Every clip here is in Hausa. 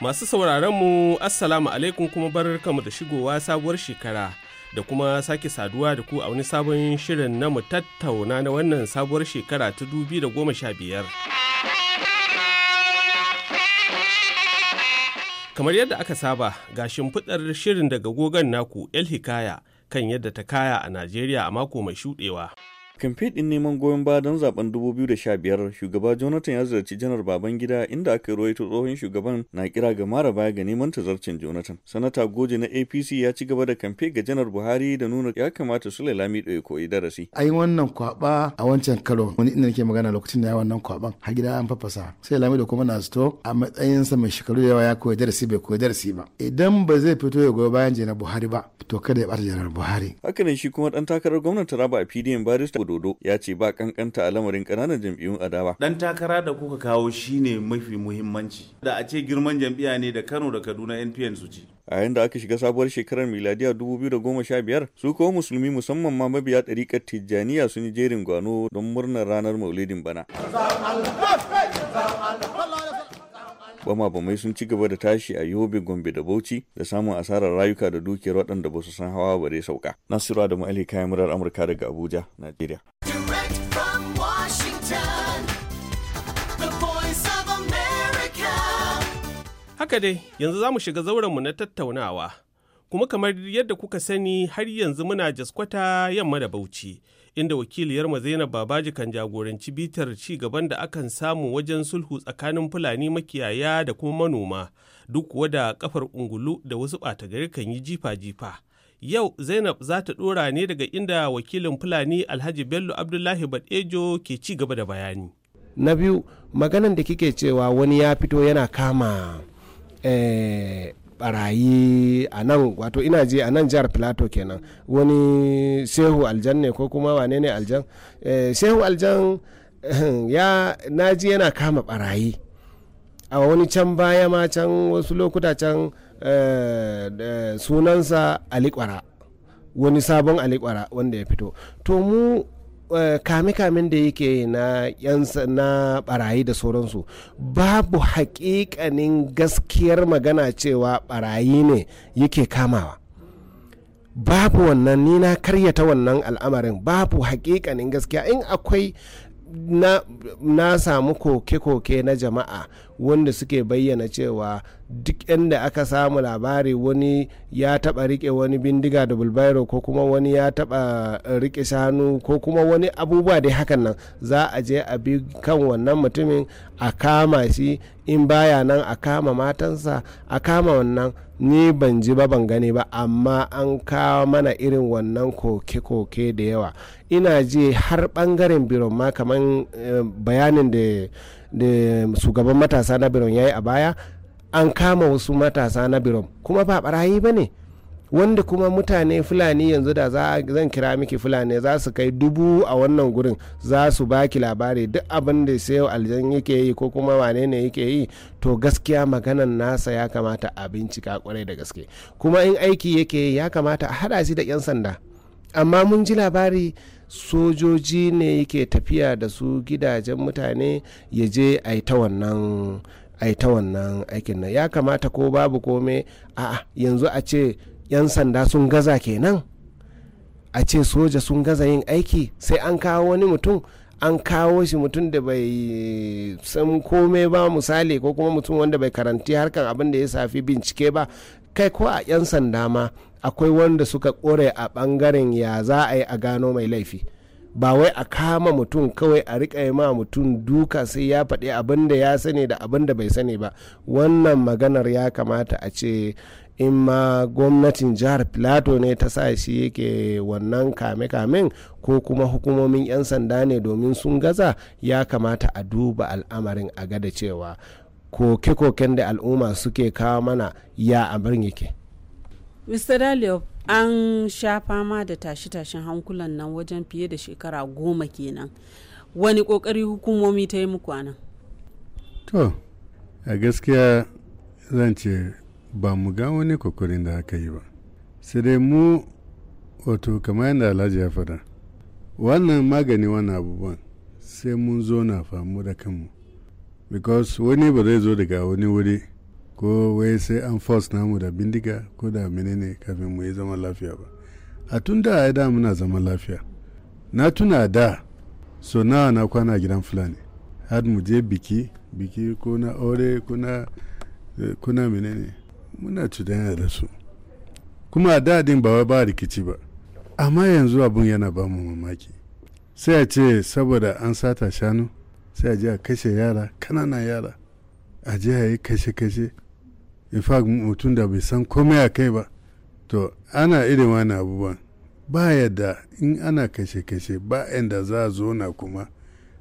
Masu sauraronmu, Assalamu alaikum kuma bar kamu da shigowa sabuwar shekara da kuma sake saduwa da ku a wani sabon shirin na mu tattauna na wannan sabuwar shekara ta da goma sha biyar. Kamar yadda aka saba, ga shimfiɗar shirin daga gogon naku El Hikaya kan yadda ta kaya a Najeriya a mako mai shuɗewa. Kamfe ɗin neman goyon baya don zaben 2015 shugaba Jonathan ya ziyarci janar baban Babangida inda aka rawaito tsohon shugaban na kira ga mara baya ga neman tazarcin Jonathan. Sanata Goje na APC ya ci gaba da kamfe ga janar Buhari da nuna ya kamata su lalami ya koyi darasi. Ai wannan kwaba a wancan karo wani inda nake magana lokacin da ya wannan kwaban har gida an fafasa. Sai lami da kuma na sito a matsayinsa mai shekaru yawa ya koyi darasi bai koyi darasi ba. Idan ba zai fito ya goyi bayan janar Buhari ba to kada ya bata janar Buhari. Hakanan shi kuma dan takarar gwamnati Taraba a PDM barista Dodo ya ce ba kankanta a lamarin ƙananan jam'iyyun adawa. Dan takara da kuka kawo shine mafi muhimmanci. Da a ce girman jam'iyya ne da Kano da Kaduna NPN su ci. a yayin da aka shiga sabuwar shekarar miladiya biyar su kuma musulmi musamman ma mabiya ɗariƙar tijjaniya sun yi jerin gwano don murnar ranar maulidin bana. bama-bamai sun ci gaba da tashi a yobe gombe da bauchi da samun asarar rayuka da dukiyar waɗanda ba su san hawa ba dai sauka nasiru da ma'ali kayan murar amurka daga abuja najeriya haka dai yanzu za mu shiga zaurenmu na tattaunawa kuma kamar yadda kuka sani har yanzu muna jaskwata yamma da bauchi inda wakiliyar Zainab Babaji kan jagoranci bitar ci gaban da akan samu wajen sulhu tsakanin Fulani makiyaya da kuma manoma, duk wada da kafar ungulu da wasu ɓata gari kan yi jifa-jifa. Yau Zainab za ta ɗora ne daga inda wakilin Fulani Alhaji Bello Abdullahi Badejo ke ci gaba da bayani. Na biyu, maganan da kike cewa wani ya fito yana kama eh, barayi a nan wato ina je a nan jihar plateau kenan wani sehu aljan ne ko kuma wane ne aljan eh, sehu aljan eh, ya naji yana kama barayi a wani can baya ma can wasu lokuta can eh, sunansa alikwara wani sabon alikwara wanda ya fito to mu Eh, kame-kamen da yake na yan na barayi da sauransu babu hakikanin gaskiyar magana cewa barayi ne yake kamawa babu wannan ni na karyata wannan al'amarin babu hakikanin gaskiya in akwai na samu koke-koke na jama'a wanda suke bayyana cewa duk inda aka samu labari wani ya taba rike wani bindiga da bulbairo ko kuma wani ya taba eh, rike shanu ko kuma wani abubuwa dai hakan nan za a je a bi kan wannan mutumin a kama shi in baya nan a kama matansa a kama wannan ni ban ji ba ban gani ba amma an kawo mana irin wannan koke-koke da yawa ina ji har bangaren biron ma kamar eh, bayanin da da shugaban matasa na biron ya yi a baya an kama wasu matasa na biron kuma ba barayi ba ne wanda kuma mutane fulani yanzu da za zan kira miki fulani za su kai dubu a wannan gurin za su baki labari duk abin da sayo aljan yake yi ko kuma wane ne yake yi to gaskiya maganan nasa ya kamata a bincika kwarai da gaske kuma in aiki yake yi ya kamata a hada shi da yan sanda amma mun ji labari sojoji ne yake tafiya da su gidajen mutane ya je a ta wannan ta wannan aikin nan ya kamata ko babu kome a yanzu a ce 'yan sanda sun gaza kenan a ce soja sun gaza yin aiki sai an kawo wani mutum an kawo shi mutum da bai san kome ba misali ko kuma mutum wanda bai karanti harkar abin da ya safi bincike ba kai ko a 'yan sanda ma akwai wanda suka kore a bangaren ya za a yi a gano mai laifi ba wai a kama mutum kawai a riƙa ma mutum duka sai ya faɗi abin da ya sani da abin da bai sani ba wannan maganar ya kamata a ce in ma gwamnatin jihar plato ne ta sa shi yake wannan kame-kamen ko kuma hukumomin 'yan sanda ne domin sun gaza ya kamata a duba al'amarin a gada cewa koke-koken da al'umma suke kawo mana ya abin yake. mr dalio an sha fama da tashe-tashen hankulan nan wajen fiye da shekara goma kenan wani kokari hukumomi ta yi muku nan to a gaskiya zan ce ba mu ga wani kokarin da aka yi ba sai dai mu wato kamar yadda alhaji ya faɗa wannan magani wani abubuwan sai mun zo na famu da kanmu because wani ba zai zo daga wani wuri ko wai sai an force namu da bindiga ko da menene kafin mu yi zaman lafiya ba a tun da ya da muna zaman lafiya na tuna da so nawa na kwana gidan fulani har mu je biki biki ko na aure ko na menene muna cudanya da su kuma a din ba ba rikici ba amma yanzu abin yana ba mu mamaki sai a ce saboda an sata shanu sai a je a kashe yara kananan yara a je a yi kashe-kashe in fact mutum da bai san komai a kai ba to ana irin wani abubuwan ba yadda in ana kashe-kashe ba yadda za a zona kuma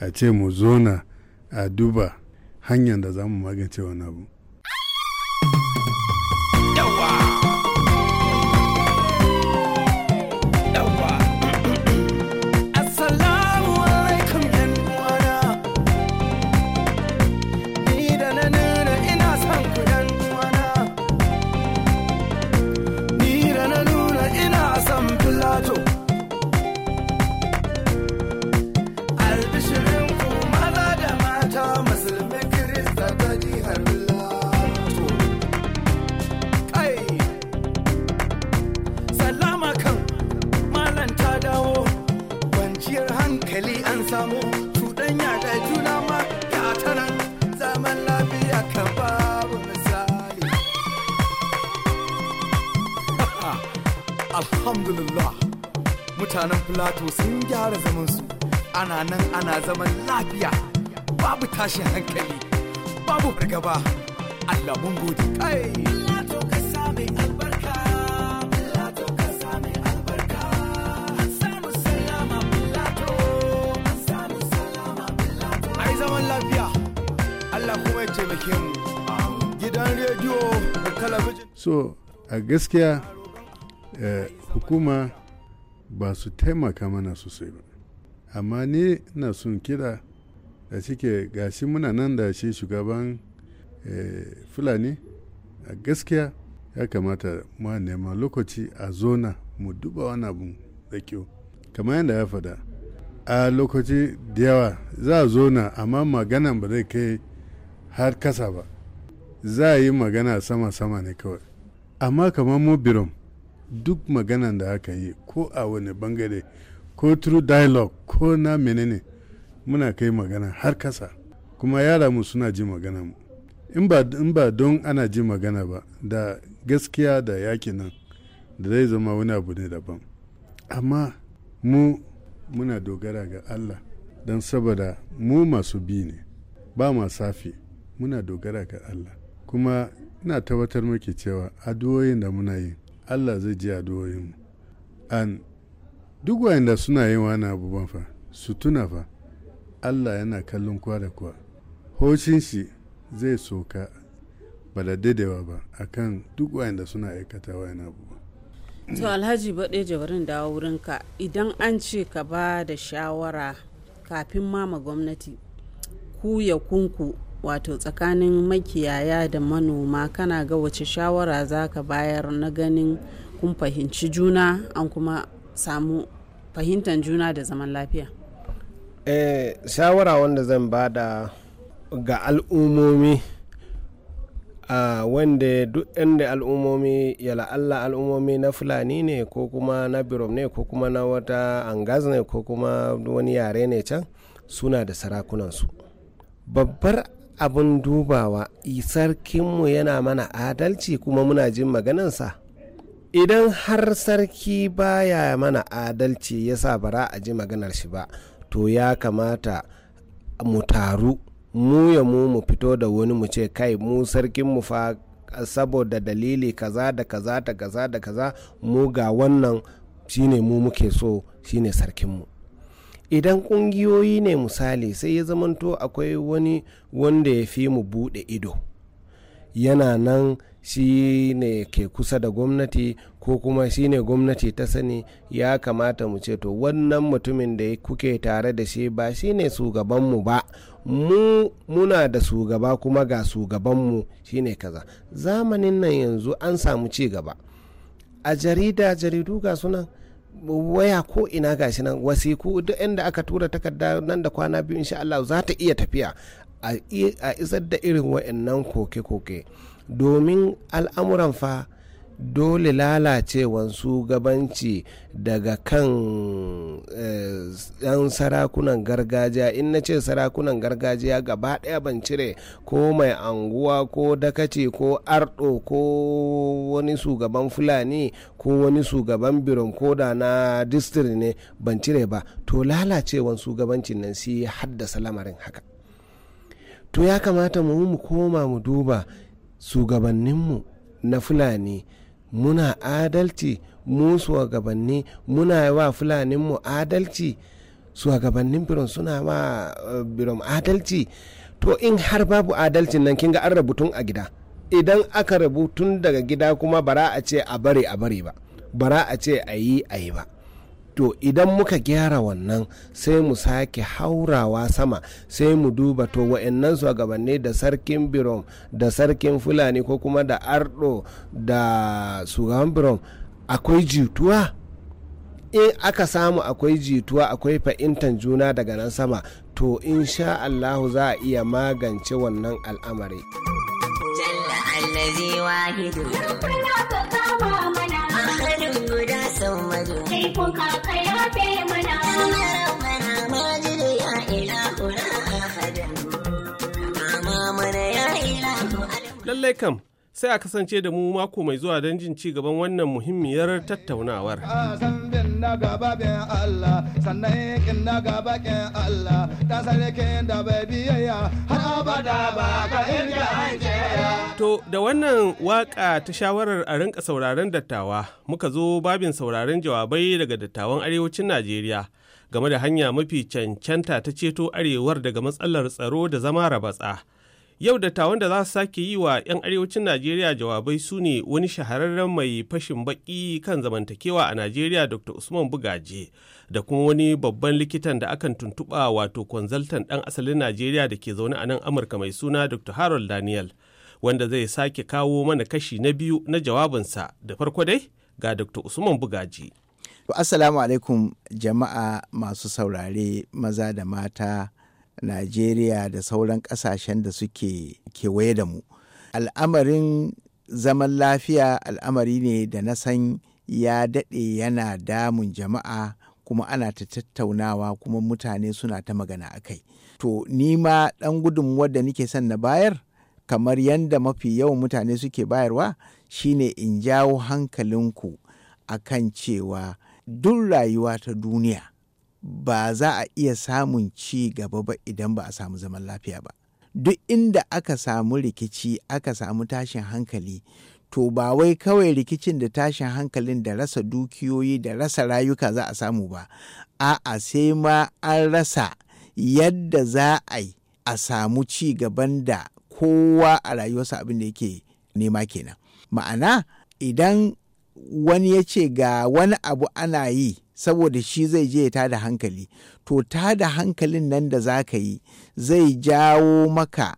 a ce mu zona a duba hanyar da za mu magance wani abu samu cuɗanya kai juna ma ya tanan zaman lafiya kan babu misali. Alhamdulillah mutanen Filato sun gyara zamansu ana nan ana zaman lafiya babu tashin hankali babu fargaba Allah mun gode kai. Allah so a gaskiya eh, hukuma ba su taimaka mana sosai ba amma ni na sun kira da suke gashi muna nan da shi shugaban eh, fulani a gaskiya ya kamata ma nema lokaci a zona mu duba wani abu da kyau kamar yadda ya faɗa a lokaci da yawa za a zona amma maganan ba zai kai har kasa ba za a yi magana sama-sama ne kawai amma kamar mobirom duk magana da aka yi ko a wani bangare ko true dialogue ko na menene muna kai magana har kasa kuma yara mu suna ji magana mu in ba don ana ji magana ba da gaskiya da yaki nan da zai zama wani abu ne daban amma mu muna dogara ga allah don saboda mu masu bi ne ba ma safi muna dogara ga Allah kuma ina tabbatar muke cewa addu'o'in da muna yi Allah zai ji addu'o'in mu an duk wanda suna yin wani ban fa su tuna fa Allah yana kallon kwa da kwa hocin shi zai soka ba da daidaiwa ba akan duk wanda suna aikata yana abu to alhaji baɗe jabarin dawo wurinka idan an ce ka ba da shawara kafin mama gwamnati ku ya kunku wato tsakanin makiyaya da manoma kana ga wace shawara za ka bayar na ganin kun fahimci juna an kuma samu fahimtar juna da zaman lafiya eh, shawara wanda zan bada ga al'ummomi uh, wanda duk inda al'ummomi yala Allah al'ummomi na fulani ne ko kuma na birom ne ko kuma na wata angaz ne ko kuma wani yare ne can suna da sarakunansu babbar abin dubawa sarkinmu yana mana adalci kuma muna jin maganansa idan har sarki baya mana adalci ya sa bara a ji maganar shi ba to ya kamata mu taru mu ya mu mu fito da wani mu ce kai mu sarkinmu fa saboda dalili kaza da kaza da kaza da kaza mu ga wannan shine mu muke so shine sarkinmu idan kungiyoyi ne misali sai ya zamanto akwai wani wanda ya fi mu bude ido yana nan shi ne ke kusa da gwamnati ko kuma shi ne gwamnati ta sani ya kamata mu ce to wannan mutumin da kuke tare da shi ba shi ne mu ba mu muna da shugaba kuma ga shugabanmu shi ne kaza zamanin nan yanzu an samu ci gaba a jarida jaridu ga sunan waya ko ina gashi nan wasiku duk inda aka tura takarda nan da kwana biyu insha Allah za ta iya tafiya a isar da irin wa'annan koke-koke domin al'amuran fa dole lalacewansu gabanci daga kan eh, yan sarakunan gargajiya in na ce sarakunan gargajiya gaba daya ban cire ko mai anguwa ko dakaci ko ardo ko wani sugaban fulani ko wani shugaban biron da na district ne ban cire ba to lalacewan gabancin nan si haddasa lamarin haka to ya kamata mu mu koma mu duba sugabanninmu na fulani muna adalci mu gabanni muna wa mu adalci shugabannin biron suna ma eh, biron adalci to in har babu adalcin nan kinga an rabutun a gida idan aka rabu tun daga gida kuma bara a ce a bari a bari ba bara a ce a yi a yi ba to idan muka gyara wannan sai mu sake haurawa sama sai mu duba to wa'annan shugabanni da sarkin birom da sarkin fulani ko kuma da ardo da sugan birom akwai jituwa in aka samu akwai jituwa akwai fa'intan juna daga nan sama to insha Allahu za a iya magance wannan al'amari. Jalla sau madu. Sai kuka kayafe mana. Rabbana majidu ya ilahu na ahadan. Mama mana ya Lallai kam, sai a kasance da mu mako mai zuwa don jin ci gaban wannan muhimmiyar tattaunawar. Ah, sannan Allah ta da bai biyayya To da wannan waka ta shawarar a rinka sauraron dattawa muka zo babin sauraron jawabai daga dattawan arewacin Najeriya game da hanya mafi cancanta ta ceto arewar daga matsalar tsaro da zama rabatsa. Yau da dattawan da za su sake yi wa 'yan arewacin Najeriya jawabai su ne wani shahararren mai fashin baƙi kan zamantakewa a Najeriya Dr. Usman Bugaje da kuma wani babban likitan da akan tuntuɓa wato kwanzaltan ɗan asalin Najeriya da ke zaune a nan Amurka mai suna Dr. Harold Daniel wanda zai sake kawo mana kashi na biyu na jawabinsa da farko dai ga Dr. Usman Bugaje. Assalamu alaikum jama'a masu saurare maza da mata. najeriya da sauran ƙasashen da suke kewaye da mu al'amarin zaman lafiya al'amari ne da na san ya daɗe yana damun jama'a kuma ana ta tattaunawa kuma mutane suna ta magana a kai to ni ma ɗan gudunmuwar da nike son na bayar kamar yadda mafi yawan mutane suke bayarwa shine in jawo hankalinku a kan cewa duk rayuwa ta duniya ba za a iya samun ci gaba ba idan ba a samu zaman lafiya ba duk inda aka samu rikici aka samu tashin hankali to ba wai kawai rikicin da tashin hankalin da rasa dukiyoyi da rasa rayuka za a samu ba a'a sai ma an rasa yadda za a yi a samu ci gaban da kowa a rayuwarsa abin da yake nema kenan ma'ana idan wani ya ce ga wani abu ana yi saboda shi zai je ta da hankali to ta da hankalin nan da za ka yi zai jawo maka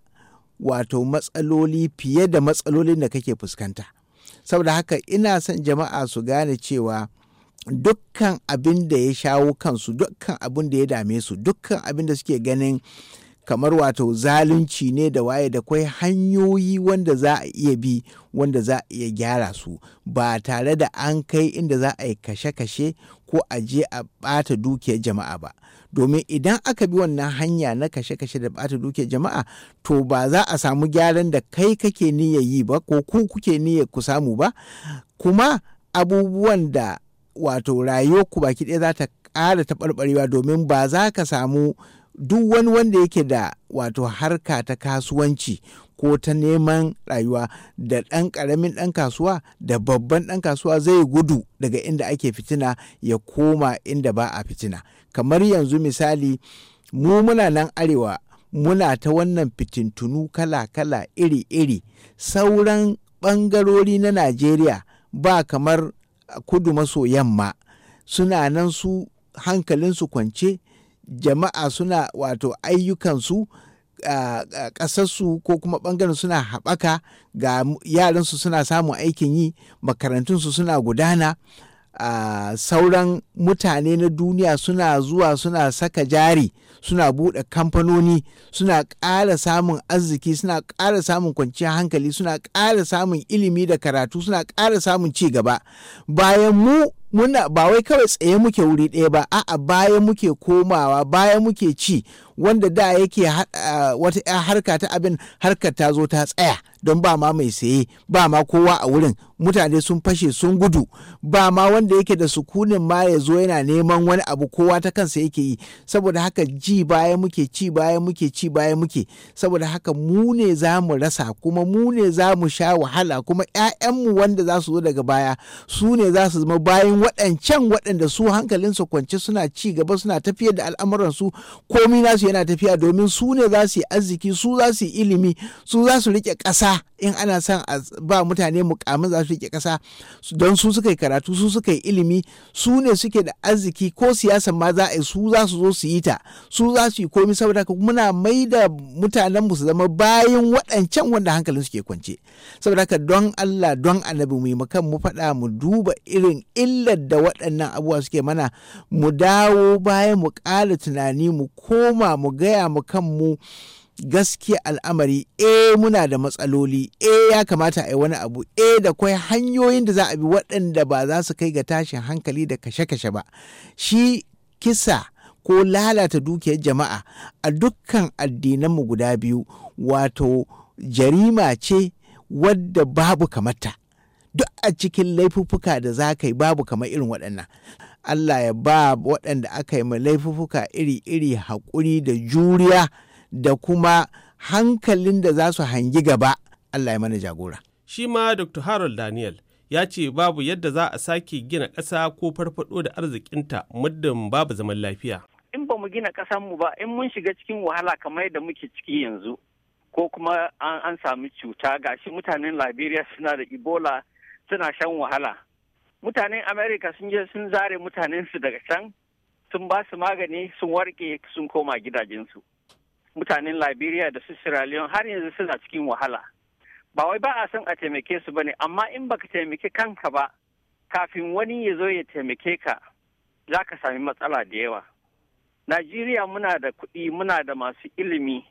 wato matsaloli fiye da matsalolin da kake fuskanta saboda haka ina son jama'a su gane cewa dukkan abin da ya shawo kansu dukkan abin da ya dame su dukkan abin da suke ganin kamar wato zalunci ne da waye da kwai hanyoyi wanda za a iya bi wanda za a iya gyara su ba tare da an kai inda za a yi kashe-kashe ko a je a bata dukiyar jama'a ba domin idan aka bi wannan hanya na kashe-kashe da bata dukiyar jama'a to ba za a samu gyaran da kai kake niyya yi ba ko ku kuke niyya ku samu ba kuma abubuwan da wato ku baki ɗaya za ta ƙara taɓarɓarewa domin ba za ka samu duk wani wanda yake da wato harka ta kasuwanci ko ta neman rayuwa da ɗan ƙaramin ɗan kasuwa da babban ɗan kasuwa zai gudu daga inda ake fitina ya koma inda ba a fitina kamar yanzu misali mu muna nan arewa muna ta wannan fitintunu kala-kala iri-iri sauran ɓangarori na najeriya ba kamar kudu maso yamma suna nan su hankalinsu kwance jama'a suna wato ayyukansu ƙasarsu ko kuma ɓangaren suna haɓaka ga yaransu suna samun aikin yi makarantunsu suna gudana Uh, sauran mutane na duniya suna zuwa suna saka jari suna buɗe kamfanoni suna ƙara samun arziki suna ƙara samun kwanciyar hankali suna ƙara samun ilimi da karatu suna ƙara samun ci gaba bayan mu muna ba wai kawai tsaye muke wuri ɗaya ba a'a baya muke komawa baya muke ci wanda da yake wata harka ta abin harkar ta zo ta tsaya don ba ma mai saye ba ma kowa a wurin mutane sun fashe sun gudu ba ma wanda yake da sukunin ma ya zo yana neman wani abu kowa ta kansa yake yi saboda haka ji baya muke ci baya muke ci baya muke saboda haka mu ne za mu rasa kuma mu ne za mu sha wahala kuma 'ya'yanmu wanda za su zo daga baya su ne za su zama bayan waɗancan waɗanda su hankalinsu kwance suna ci gaba suna tafiyar da al'amuransu komi nasu su yana tafiya domin su ne za su yi arziki su za su yi ilimi su za su riƙe ƙasa in ana son a ba mutane mukamin za su riƙe ƙasa don su suka yi karatu su suka yi ilimi su ne suke da arziki ko siyasan ma za a yi su za su zo su yi ta su za su yi komi saboda haka muna mai da mutanen mu su zama bayan waɗancan wanda hankalin suke kwance saboda haka don Allah don annabi mu yi makan mu faɗa mu duba irin illar da waɗannan abubuwa suke mana mu dawo bayan mu ƙara tunani mu koma mu gaya mu kan mu gaskiya al'amari e muna da matsaloli e ya kamata a yi wani abu e da kwai hanyoyin da za a bi waɗanda ba za su kai ga tashin hankali da kashe-kashe ba shi kisa ko lalata dukiyar jama'a a dukkan addinanmu guda biyu wato jarima ce wadda babu kamata duk a cikin laifuffuka da za ka yi babu kamar irin waɗannan Allah ya ba waɗanda aka yi laifuka iri-iri haƙuri da juriya da kuma hankalin da za su hangi gaba Allah ya mana jagora. Shi ma Dr. Harold Daniel ya ce babu yadda za a sake gina ƙasa ko farfaɗo da arzikinta muddin babu zaman lafiya. In ba mu gina ƙasanmu ba, in mun shiga cikin wahala kamar yadda muke ciki yanzu, ko kuma an, samu cuta gashi mutanen Liberia suna da Ebola suna shan wahala. mutanen america sun je sun zare mutanensu daga can sun ba su magani sun warke sun koma gidajensu mutanen liberia da su sierra leone har yanzu suna cikin wahala ba wai ba a son a taimake su ne, amma in baka taimake kanka ba kafin wani ya zo ya taimake ka za ka sami matsala da yawa najeriya muna da kuɗi muna da masu ilimi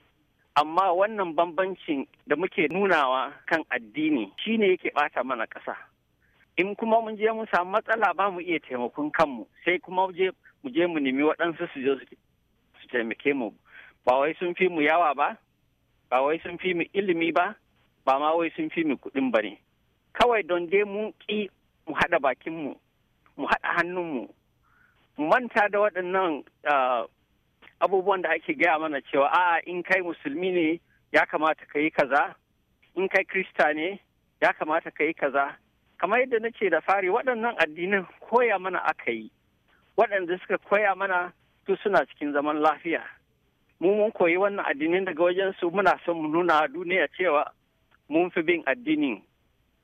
amma wannan bambancin da muke nunawa kan addini shine yake ɓata mana ƙasa in kuma mun je mun samu matsala ba mu iya taimakon kanmu sai kuma mu je mu nemi waɗansu su je su taimake mu ba wai sun fi mu yawa ba ba wai sun fi mu ilimi ba ba ma wai sun fi mu kuɗin ba ne kawai don dai mun ƙi mu haɗa bakinmu mu haɗa hannunmu mu manta da waɗannan abubuwan da ake gaya mana cewa a in kai musulmi ne ya kamata ka yi kaza in kai krista ne ya kamata ka yi kaza kamar yadda na ce da fari waɗannan addinin koya mana aka yi waɗanda suka koya mana su suna cikin zaman lafiya mu mun koyi wannan addinin daga wajen su muna son mu nuna duniya cewa mun fi bin addini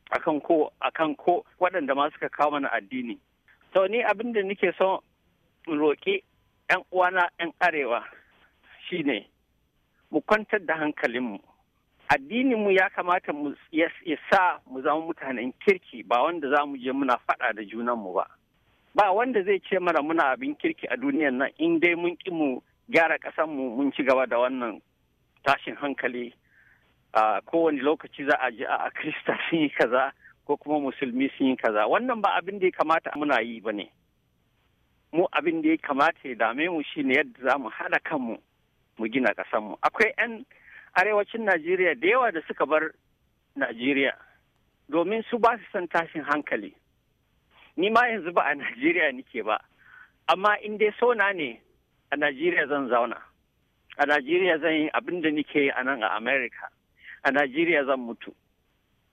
akan ko akan ko waɗanda ma suka kawo mana addini to ni abin da nake son roƙi yan uwana yan arewa shine mu kwantar da hankalinmu addininmu ya kamata mu ya sa mu zama mutanen kirki ba wanda za mu je muna faɗa da junanmu ba ba wanda zai ce mana muna abin kirki a duniyan nan in dai mun ki mu gyara ƙasanmu mun ci gaba da wannan tashin hankali a kowane lokaci za a ji a krista sun yi kaza ko kuma musulmi sun yi kaza wannan ba abin da ya kamata muna yi ba ne mu abin da ya kamata ya dame mu shine yadda za mu haɗa kanmu mu gina ƙasanmu akwai 'yan arewacin najeriya da yawa da suka bar najeriya domin su ba su son tashin hankali ni ma yanzu ba a najeriya nike ba amma in dai sona ne a najeriya zan zauna a najeriya zan yi abin da nike a nan a amerika a najeriya zan mutu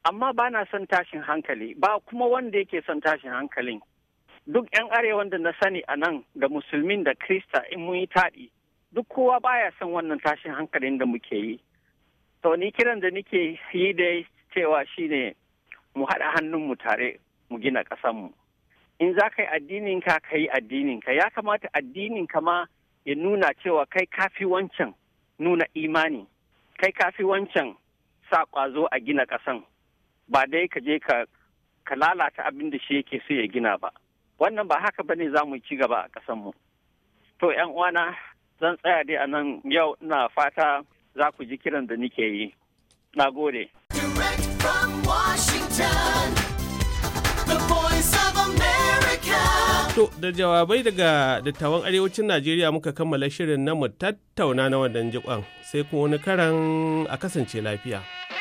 amma ba na son tashin hankali ba kuma wanda yake son tashin hankalin duk 'yan arewan da na sani a nan da musulmin da krista in mun yi taɗi duk kowa baya son wannan tashin hankalin da muke yi to ni kiran da nike yi da cewa shine mu haɗa hannunmu tare mu gina ƙasanmu in za ka yi addininka ka yi addininka ya kamata addininka ma ya nuna cewa kai kafi wancan nuna imani kai kafi wancan sa ƙwazo a gina ƙasan ba dai ka je ka lalata abin da shi yake so ya gina ba wannan ba haka bane za mu ci gaba a mu. to yan uwana zan tsaya dai a nan yau na fata za ku ji kiran da nike yi na gode To da jawabai daga dattawan arewacin Najeriya muka kammala shirin na mu tattauna na wannan jikon sai kuma wani karan a kasance lafiya.